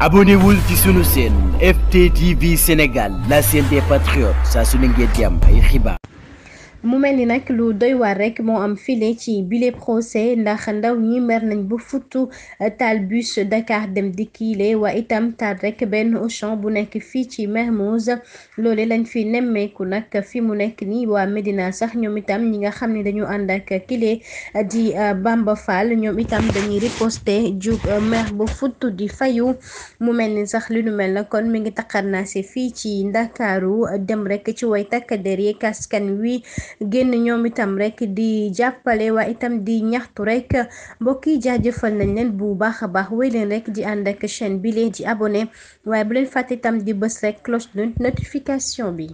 abonnez-vous sur notre chaîne FTTV Sénégal la chaîne des patriotes Ça, c'est une ngeen mu mel ni nag lu doy waar rek moo am file ci bile procès ndax ndaw ñi mer nañ ba futtu eh, taal bus Dakar dem di dikkiile waa itam taal rekk benn Auchan bu nekk fii ci Mermoz loole lañ fi nemmeeku nag fi mu nekk nii waa Medina sax ñoom itam ñi nga xam ne dañu ànd ak kile eh, di eh, Bamba Fall ñoom itam dañuy riposté jug mer ba futtu di fayu mu mel ni sax li nu mel na kon mu ngi taqar naa si fii ci Ndakaaru dem rek ci woy takk der yi kaskan wi génn ñoom itam rek di jàppale waa itam di ñaxtu rek mbokk yi jaajëfal nañ leen bu baax a baax wéy leen rek di ànd ak chaîne bi lee di abonné waaye bu leen fàtte itam di bës rek cloche de notification bi